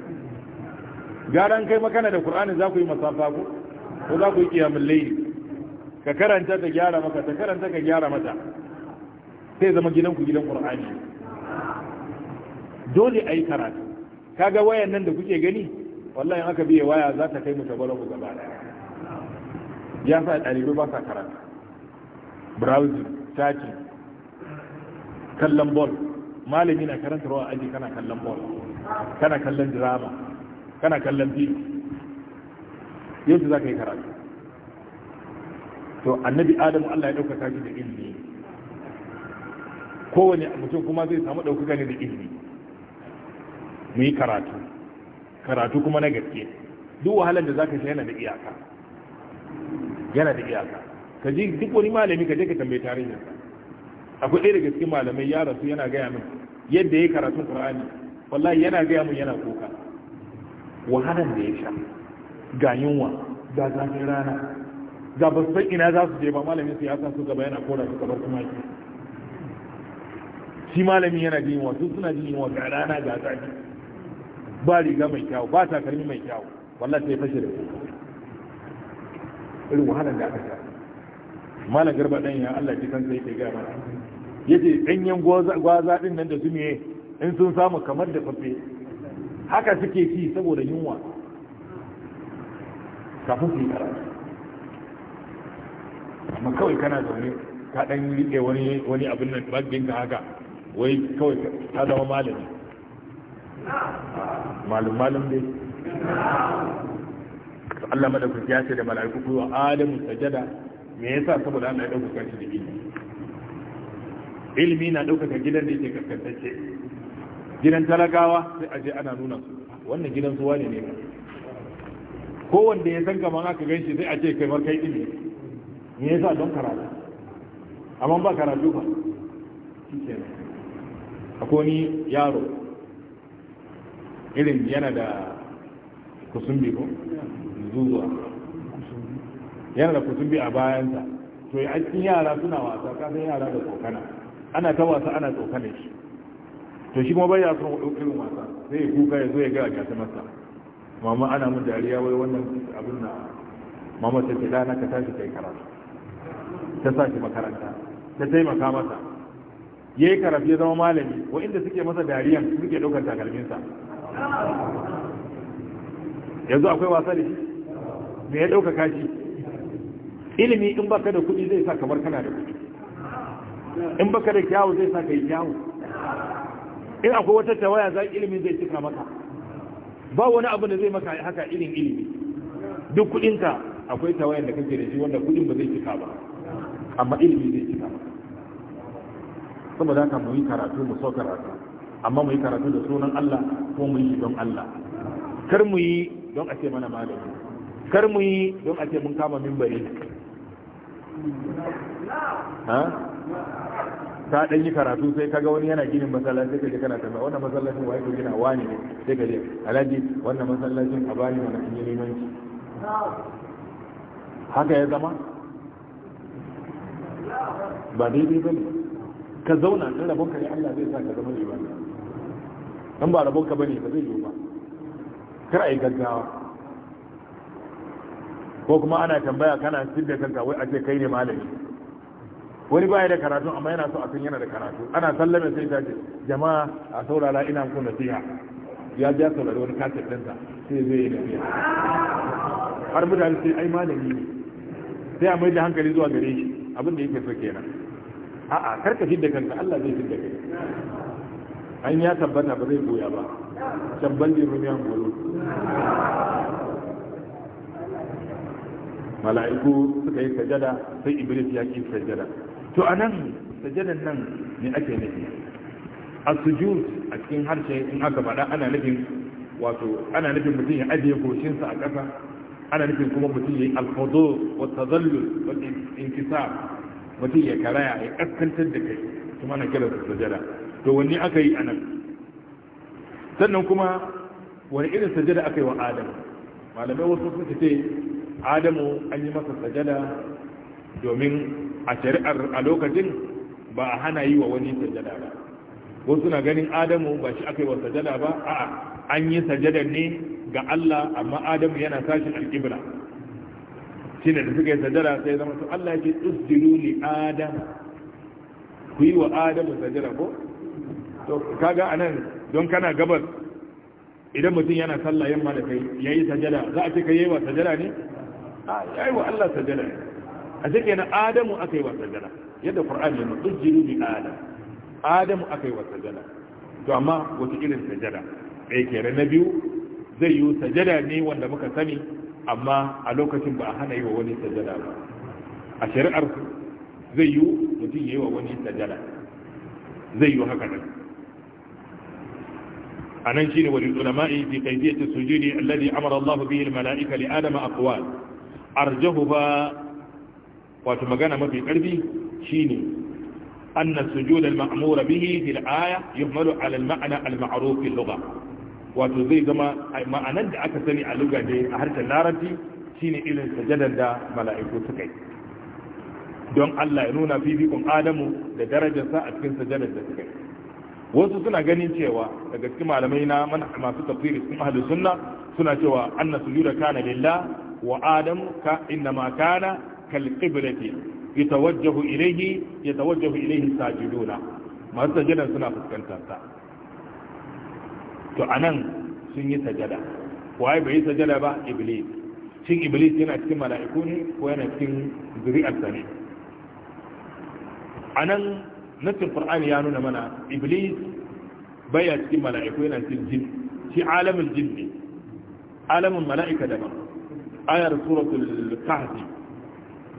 garan kai makana da qur'ani za ku yi masafa ko ko za ku yi kiyamul layli ka karanta ta gyara maka ta karanta ka gyara mata sai zama gidanku gidan qur'ani dole ai karatu kaga wayan nan da kuke gani wallahi aka biye waya za ta kai mu ku gaba da ya sa ɗalibai ba sa karanta browser chat kallon ball malami na karanta rawa aji kana kallon ball kana kallon drama kana kallon biyu yau za ka yi karatu to annabi adamu allah ya ɗaukaka shi da ilimi kowane mutum kuma zai samu ɗaukaka ne da ilimi mu yi karatu karatu kuma na gaske duk wahalar da zaka shi yana da iyaka yana da iyaka ka ji duk wani malami ka je ka tambaye tarihin sa akwai ɗaya daga cikin malamai ya rasu yana gaya min yadda ya karatun qur'ani wallahi yana gaya min yana koka wahalar da ya sha ga yunwa ga zafin rana ga ba san ina za su je ba malamin sa su gaba yana kora su kamar kuma shi malamin yana jin yunwa su suna jin yunwa ga rana ga zafi ba riga mai kyawu ba takalmi mai kyawu wallahi sai fashe da irin wahalar da aka sha malam garba dan ya Allah ji kan yake ga mana yace danyen gwaza din nan da zumiye in sun samu kamar da fafe haka suke ci saboda yunwa kafin su yi karatu amma kawai kana zaune ka dan riƙe wani wani abin nan baggin ka haka wai kawai ka zama malami malum malum dai Allah madaukaki ya ce da mala'iku ku adamu sajada me yasa saboda Allah ya dauka kanta da ilimi ilimi na ɗaukaka gidan da yake kaskantacce gidan talakawa? sai aje ana nuna su wannan gidan su wani ne ko wanda ya san kamar aka ganshi sai a ce kai mar kai ilimi me yasa don karatu amma ba karatu ba shikenan akwai ni yaro irin yana da kusumbi ko zuwa yana da kusumbi a bayansa to a cikin yara suna wasa kasan yara da tsokana ana ta wasa ana tsokane shi to shi kuma bai ya son irin wasa sai ya kuka ya zo ya ga gasa masa mama ana mun dariya wai wannan abin na mama ta ce dana ka tashi kai karatu ta sa shi makaranta ta taimaka masa yayi karatu ya zama malami wa inda suke masa dariyan suke daukar takalminsa yanzu akwai wasa ne. mai me ya ɗaukaka shi ilimi in baka da kuɗi zai sa kamar kana da kuɗi in baka da kyawu zai sa ka yi kyawu in akwai wata tawaya za ilimi zai cika maka ba wani abu da zai maka haka irin ilimi duk kuɗinka akwai tawayan da kake da shi wanda kuɗin ba zai cika ba amma ilimi zai cika maka saboda haka mu yi karatu mu so karatu amma mu yi karatu da sunan Allah ko mu yi don Allah kar mu yi don a ce mana malami kar mu yi don a ce mun kama mimbari ha ta dan yi karatu sai kaga wani yana ginin masallaci sai kaje kana tambaya wannan masallacin wai ko gina wani ne sai kaje alhaji wannan masallacin a bani mana kin yi limanci haka ya zama ba daidai ne. ka zauna in rabon ka ne Allah zai sa ka zama ba dan ba rabon ka bane ba zai yi ba kar a yi gaggawa ko kuma ana tambaya kana da kanka wai a ce kai ne malami wani baya da karatu amma yana so a san yana da karatu ana sallame sai ta ce jama'a a saurara ina muku nasiha ya ja saurari wani katin ɗinsa sai zai yi nasiha har mutane sai ai malami ne sai a mai da hankali zuwa gare shi abin da yake so kenan a'a karka fidda kanka Allah zai fidda kai an ya tabbata ba zai goya ba tabban mun rumiya goro mala'iku suka yi sajada sai iblis ya ki sajada to anan sajadan nan ne ake nufi a sujud a cikin harshe in aka bada ana nufin wato ana nufin mutum ya ajiye goshinsa a ƙasa ana nufin kuma mutum ya yi alfado wa tazallul wa inkisar mutum ya karaya ya kaskantar da kai kuma na kira su sajada to wanne aka yi anan sannan kuma wani irin sajada aka yi wa adamu malamai wasu suka ce adamu an yi masa sajada domin a shari'ar a lokacin ba a hana yi wa wani sajada ba wasu na ganin adamu ba shi aka yi wa sajada ba a'a an yi sajada ne ga Allah amma adamu yana sashin alƙibla shi da suka yi sajada sai zama su Allah ya ce usjudu li adam ku yi wa adamu sajara ko to kaga anan don kana gabar idan mutum yana sallah yamma da kai ya yi sajara za a ce ka yi wa sajara ne a yi wa Allah sajara ne a ce kenan adamu aka yi wa sajara yadda qur'ani ya nuna usjudu li adam adamu aka yi wa sajara to amma wata irin sajara ɗaya kere na biyu zai yi sajara ne wanda muka sani amma a lokacin ba a hana yi wa wani sajada ba a shari'ar zai yi mutum ya yi wa wani sajada zai yi haka nan a nan shi ne wani tsunama'i fi kaifiyar sujudi alladhi amara Allah bihi mala'ika li adama aqwal arjahu ba wato magana mafi karfi shi ne أن السجود المأمور به في الآية malu على المعنى المعروف في اللغة wato zai zama ma'anar da aka sani a luga da a harshen larabci shine irin sajadar da mala'iku suka yi don Allah ya nuna fifikun Adamu da darajarsa a cikin sajadar da suka yi wasu suna ganin cewa daga cikin malamai na masu tafsiri sun ahli sunna suna cewa anna sujuda kana lillah wa Adamu ka inna ma kana kal qiblati yatawajjahu ilayhi yatawajjahu ilayhi sajiduna masu sajadar suna fuskantar sa to a nan sun yi sajada waye bai yi sajada ba iblis cin iblis yana cikin mala'iku ne ko yana cikin zuri'arsa ne nan nufin qur'ani ya nuna mana iblis baya cikin mala'iku yana cikin jin shi alamin jin ne alamin mala'ika daban ayar suratul kahfi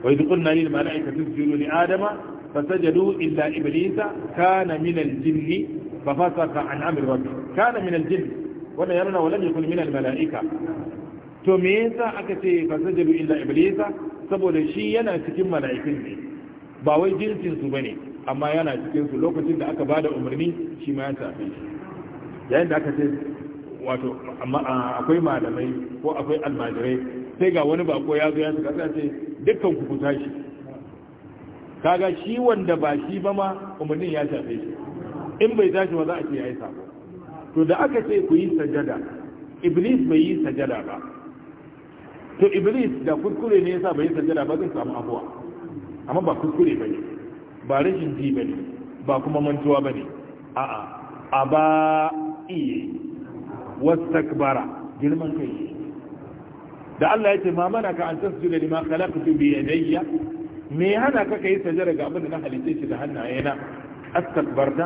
wa idh qulna lil mala'ikati isjudu li adama fasajadu illa iblisa kana minal jinni ففسق عن امر ربه كان من الجن ولا يرنا ولم يكن من الملائكه to me yasa aka ce fasajadu illa iblisa saboda shi yana cikin mala'ikun ne ba wai jinsin su bane amma yana cikin su lokacin da aka bada umarni shi ma ya tafi yayin da aka ce wato akwai malamai ko akwai almajirai sai ga wani bako ya zo ya shiga sai ce dukkan ku fita shi kaga shi wanda ba shi ba ma umarnin ya tafi shi in bai tashi ba za a ce ya yi sabo to da aka ce ku yi sajada iblis bai yi sajada ba to iblis da kuskure ne yasa bai yi sajada ba zai samu abuwa amma ba kuskure ba ne ba rashin ji ba ne ba kuma mantuwa ba ne a'a a ba iye wastakbara girman kai da Allah ya ce ma mana ka an da lima khalaqtu bi yadayya me hana ka kai sajada ga abin da na halice shi da hannayena astakbarta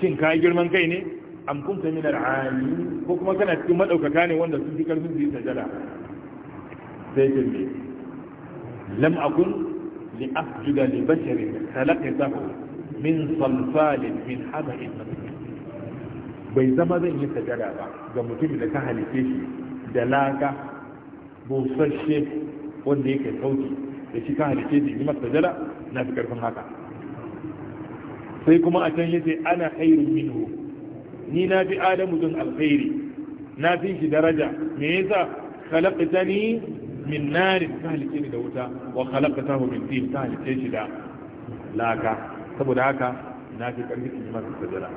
shin ka girman kai ne am kunta min al-ali ko kuma kana cikin madaukaka ne wanda sun fi karfin su yi sajada sai ce me lam akun li asjuda li basharin khalaqtahu min salsalin min haba'in bai zama zan yi sajada ba ga mutum da ka halice shi da laka busasshe wanda yake sauki da shi ka halice shi yi masa sajada na fi karfin haka sai kuma a can yace ana khairun minhu ni na bi adamu dun alkhairi na fi shi daraja me yasa khalaqtani min nar tahlice ni da wuta wa khalaqtahu min tin tahlice shi da laka saboda haka na fi karfi in masa sajada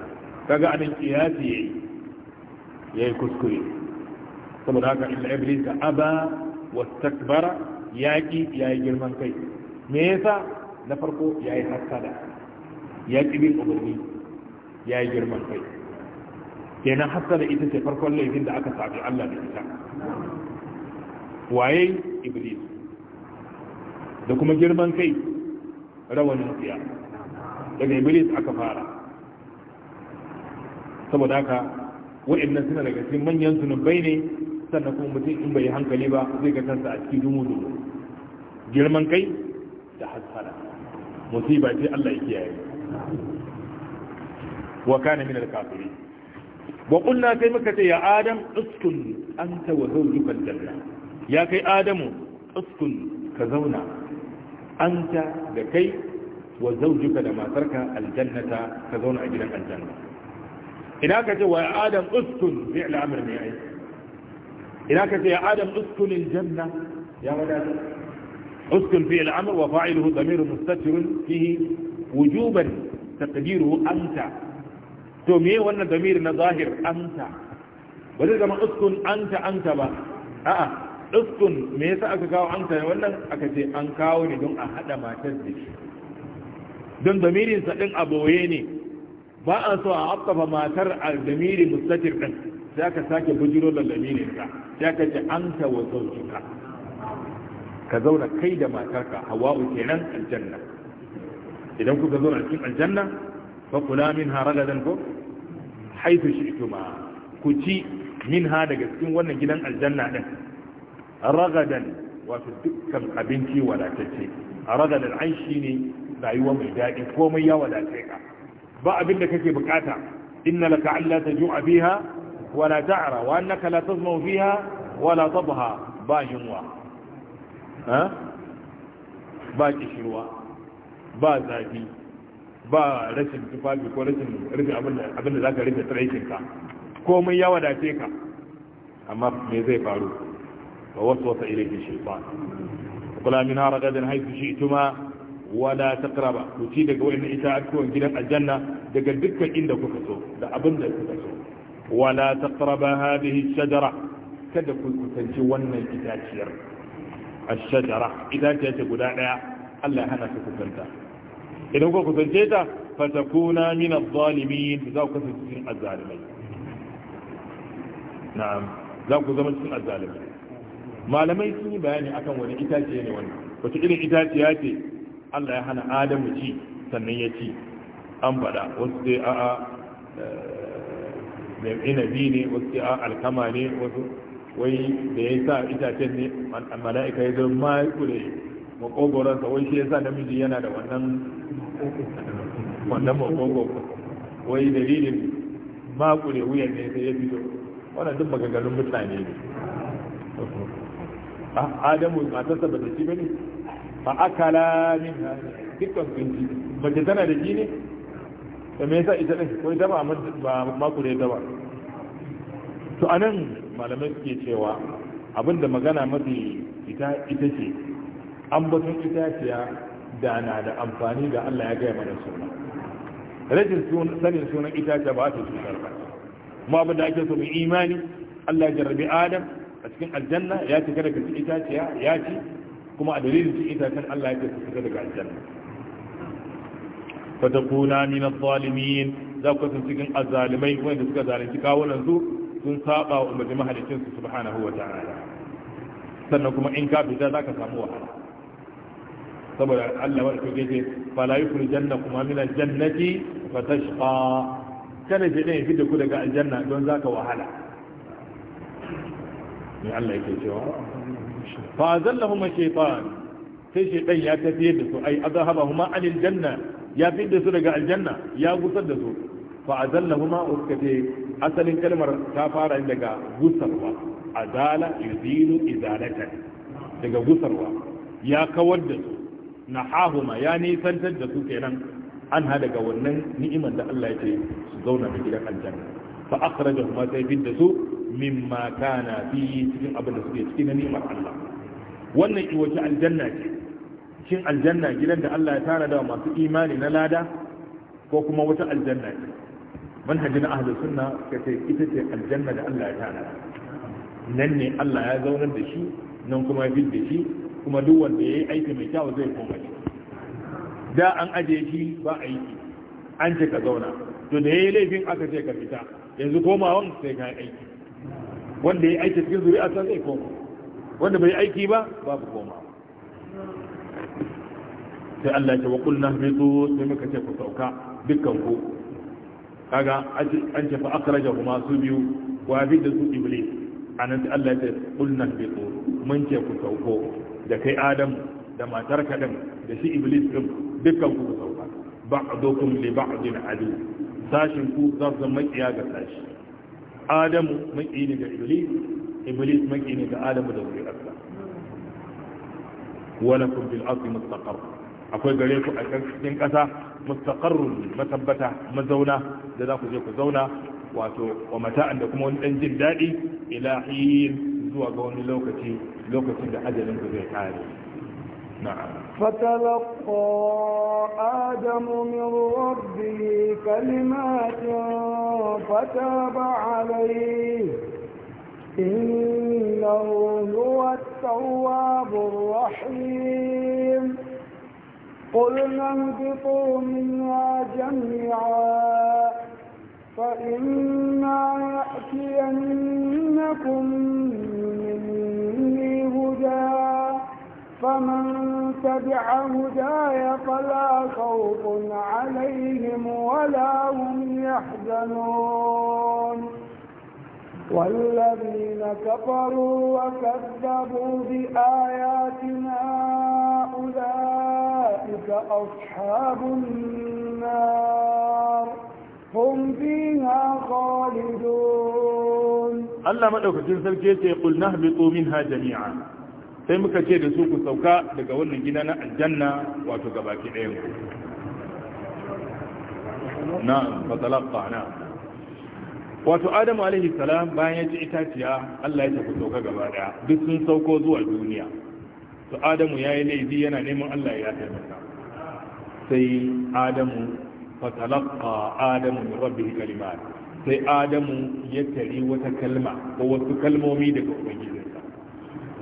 kaga anan kiyasi yayi yayi kuskure saboda haka illa iblis aba wastakbara yaki yayi girman kai me yasa na farko yayi hasada ya ci bin umarni ya yi girman kai kenan da ita ce farkon laifin da aka sami Allah da ita waye iblis da kuma girman kai rawanin siya daga iblis aka fara saboda haka wa'annan suna daga cikin manyan zunubai ne sannan kuma mutum in bai hankali ba zai ga kansa a cikin dumu-dumu girman kai da hasada musiba ce Allah ya kiyaye wa kana min al wa qulna sai muka ce ya adam uskun anta wa zawjuka janna ya kai adamu uskun ka zauna anta da kai wa zawjuka da matarka al ka zauna a gidan aljanna ina ka ce wa adam uskun fi'l amr ne ai ina ka ce wujuban taqdiruhu anta to me wannan damir na zahir anta ba zai zama uskun anta anta ba a'a uskun me yasa aka kawo anta ne wannan aka ce an kawo ne don a hada matar da shi don damirin sa din aboye ne ba a so a afkafa matar a damiri mustatir din sai aka sake bujiro da damirin sa sai aka ce anta wa zaujuka ka zauna kai da matarka hawa'u kenan aljanna idan kuka zo na cikin aljanna fa kula min ha ragadan ko haitu shi'tuma ku ci min ha daga cikin wannan gidan aljanna din ragadan wato dukkan abinci wadatacce a ragadan an shi ne rayuwa mai daɗi komai ya wadace ka ba abin da kake bukata inna laka alla taju'a biha wala ta'ra wa annaka la tazma fiha wala tabha ba yunwa ha ba kishirwa ba zafi ba rashin tufafi ko rashin rufe abin da za ka rufe tsiraikinka komai ya wadace ka amma me zai faru ba wasu wasa ilaihi ba. kula min har gadin haifu shi ituma wala taqraba ku ci daga wayannan ita a akuwan gidan aljanna daga dukkan inda kuka so da abin da kuka so wala taqraba hadhihi shajara kada ku kusanci wannan itaciyar ash-shajara itaciya ce guda daya Allah ya hana ku kusanta idan ku kusance ta fatakuna min adh-dhalimin za ku kasance cikin azzalimai na'am za ku zama cikin azzalimai malamai sun yi bayani akan wani itace ne wannan wace irin itaciya ce Allah ya hana Adamu ci sannan ya ci an faɗa wasu sai a'a da eh, inabi ne wasu sai a, alkama ne wasu wai da ya sa itacen ne mala'ika ya zama ma kure. ta wai shi yasa namiji yana da wannan wannan makogo wai dalilin makure wuyan ne sai ya fito wannan duk maganganun mutane ne adamu matarsa ba ta ci ba ne fa akala min dukkan ba ta tana da ji ne da me yasa ita ne ko ita ba makure ta ba to anan malamai suke cewa abinda magana mafi ita ita ce An ambaton itaciya da na da amfani da Allah ya gaya mana suna rashin sanin sunan itaciya ba su cutar ba kuma abin da ake so mu imani Allah ya jarrabi Adam a cikin aljanna ya ci kada ka ci itaciya ya ci kuma a dalilin ci itacen Allah ya ce ka fita daga aljanna fa takuna min adh-dhalimin za ku san cikin azzalimai wanda suka zalunci kawunan su sun saba wa umarni mahalicin su subhanahu wa ta'ala sannan kuma in ka fita za ka samu wahala saboda Allah wadda kuke ce fala yukul janna kuma min aljannati fatashqa kana je ne fidda ku daga aljanna don za ka wahala ne Allah yake cewa fa zallahum shaytan sai shaytan ya tafi da su ai azhabahuma anil janna ya fi fidda su daga aljanna ya gusar da su fa azallahuma uskate asalin kalmar ta fara daga gusarwa azala yuzilu izalatan daga gusarwa ya kawar da su nahahuma ya nisantar da su kenan an ha daga wannan ni'imar da Allah ya ce su zauna da gidan aljanna fa akhrajahuma sai da su mimma kana fi cikin abin da suke cikin ni'imar Allah wannan iwace aljanna ce shin aljanna gidan da Allah ya tara da masu imani na lada ko kuma wata aljanna ce manhajin ahlus sunna kace ita ce aljanna da Allah ya tara nan ne Allah ya zaunar da shi nan kuma ya da shi kuma duk wanda ya yi aiki mai kyau zai koma shi da an aje shi ba aiki an ce ka zauna to da ya yi laifin aka ce ka fita yanzu komawan sai ka aiki wanda ya yi aiki cikin zuri'a ta zai koma wanda bai aiki ba babu koma sai Allah ce wa kulna bitu sai muka ce ku sauka dukkan ku kaga an ce fa akraja huma su biyu wa bi da su iblis anan sai Allah ya ce kulna bitu mun ce ku sauko da kai adam da matar ka da shi iblis ɗin dukkan ku ku sauka ba'dukum li ba'din adu sashin ku za su zama makiya ga sashi adam maki ne ga iblis iblis maki ne ga adam da zuriyarsa wala kun bil ardi mustaqarr akwai gare ku a cikin kasa mustaqarrun matabbata mazauna da za ku je ku zauna wato wa mata'an da kuma wani dan jin daɗi ila hin zuwa ga wani lokaci lokacin da ajalin ku zai kare فتلقى آدم من ربه كلمات فتاب عليه إنه هو التواب الرحيم قلنا انبطوا منها جميعا فإما يأتينكم فمن تبع هداي فلا خوف عليهم ولا هم يحزنون والذين كفروا وكذبوا بآياتنا أولئك أصحاب النار هم فيها خالدون الله مدعوك جنسل كيسي يقول نهبطوا منها جميعا sai muka ce da su ku sauka daga wannan gida na aljanna wato gabaki ɗayan ku na fatalaqa na wato adam alaihi salam bayan ya ci itaciya Allah ya ce ku sauka gaba daya duk sun sauko zuwa duniya to adamu ya yi laifi yana neman Allah ya taimaka. sai adamu fatalaka adamu mai rabbi kalimat sai adamu ya tari wata kalma ko wasu kalmomi daga ubangiji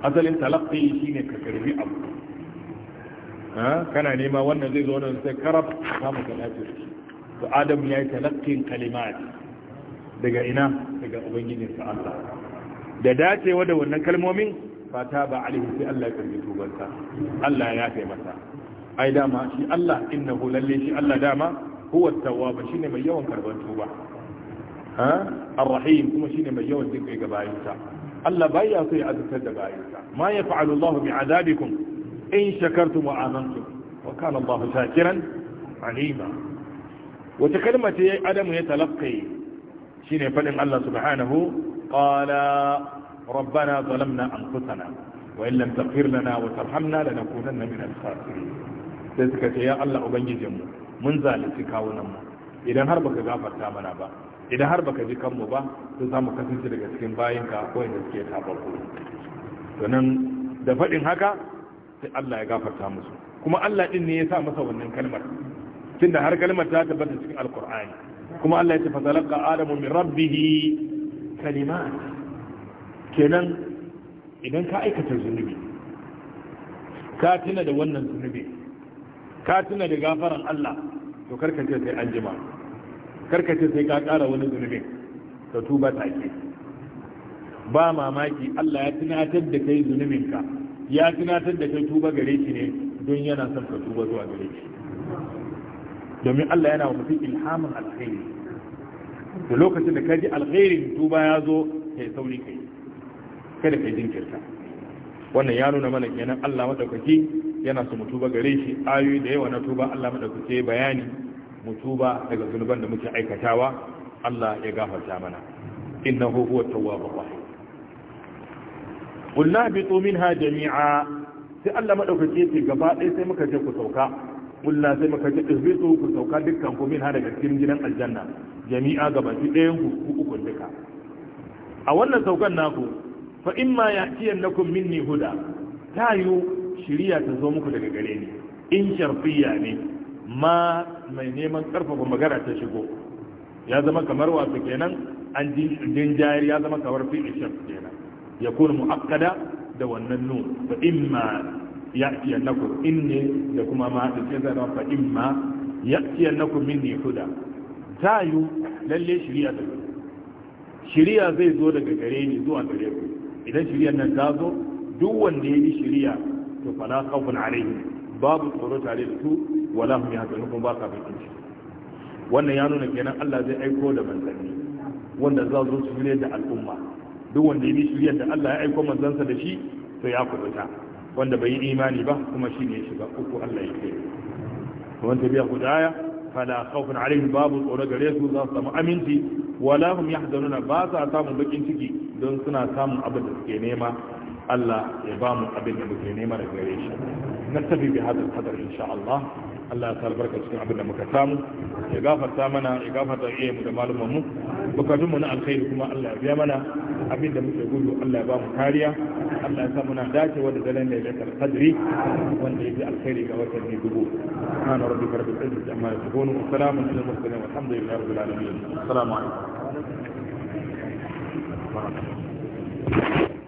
asalin talaqqi shine ka karbi abu kana nema wannan zai zo nan sai karab samu ka lafiya to adam ya yi talaqqin kalimat daga ina daga ubangijin sa Allah da dacewa da wannan kalmomin fata ba alaihi sai Allah ya karbi tubarsa Allah ya yafe masa ai dama shi Allah innahu lalle shi Allah dama huwa tawwab shine mai yawan karban tuba ha ar-rahim kuma shine mai yawan jinkai ga bayinsa Allah baya so ya azabtar da bayansa ma yaf'alu Allahu bi'adabikum in shakartum wa amantum wa kana Allahu shakiran alima wata kalma ce Adamu ya talaqqi shine fadin Allah subhanahu qala ربنا ظلمنا أنفسنا وإن لم تغفر لنا kunan na من الخاسرين sai suka ce ya Allah ubangijinmu mun zalunci kawunanmu idan har baka gafarta mana ba idan har baka ji kanmu ba to za mu kasance daga cikin bayinka wanda suke tabarku sannan da faɗin haka sai Allah ya gafarta musu kuma Allah din ne ya sa masa wannan kalmar tunda har kalmar ta tabbata cikin alkur'ani kuma Allah ya ce fa fasalaka adamu min rabbih kalimat kenan idan ka aikata zunubi ka tuna da wannan zunubi ka tuna da gafaran Allah to karka ce sai an jima karkace sai ka ƙara wani zunubin ka tuba take ba mamaki Allah ya tunatar da kai zunubinka ya tunatar da kai tuba gare shi ne don yana son ka tuba zuwa gare shi domin Allah yana wa mutum ilhamin alkhairi da lokacin da kaji alkhairin tuba ya zo kai sauri kai kada kai jinkirta wannan ya nuna mana kenan Allah madaukaki yana mu mutuba gare shi ayoyi da yawa na tuba Allah madaukaki bayani mutuba daga zunuban da muke aikatawa Allah ya gafarta mana innahu huwa tawwabur rahim qul bitu minha jami'a sai Allah madaukake ce gaba dai sai muka je ku sauka la sai muka je ihbitu ku sauka dukkan ku minha daga cikin gidan aljanna jami'a gaba ɗayan ku uku duka a wannan saukan naku fa imma ya'tiyannakum minni huda tayu shiriya ta zo muku daga gare ni in sharfiya ne ma mai neman karfafa magana ta shigo ya zama kamar wasu kenan an jin jari ya zama kamar fi ishaf kenan ya kuna mu'akkada da wannan nun fa imma ya'tiyan in ne da kuma ma da sai zama fa imma ya'tiyan nakum minni huda tayu lalle shari'a da shiriya zai zo daga gare ni zuwa gare ku idan shari'ar nan ta zo duk wanda ya yi shiriya to fala khawfun alaihim babu tsoro tare da su wala hum yahzanun kuma ba ka bakin shi wannan ya nuna kenan Allah zai aiko da manzanni wanda za zo su shirye da al'umma duk wanda ya bi shiryar da Allah ya aiko manzansa da shi to ya kubuta wanda bai yi imani ba kuma shi ne shiga uku Allah ya kai wanda biya hudaya fala khawfun alaihim babu tsoro gare su za su samu aminci wala hum yahzanuna ba sa samun bakin ciki don suna samun abin da suke nema Allah ya ba mu abin da muke nema daga gare shi نكتفي بهذا القدر إن insha Allah. Allah ya sa albarka cikin abin da muka samu ya gafarta mana ya gafarta iyayen mu da malaman mu bukatun mu na alkhairi kuma Allah ya biya mana abin da muke gudu Allah ya ba mu kariya Allah ya sa muna dacewa da daren lailatul qadri wanda bi alkhairi ga watan ne dubu subhana rabbika rabbil izzati amma yasifun wa salamun alal mursalin walhamdulillahi rabbil alamin assalamu alaikum Thank you.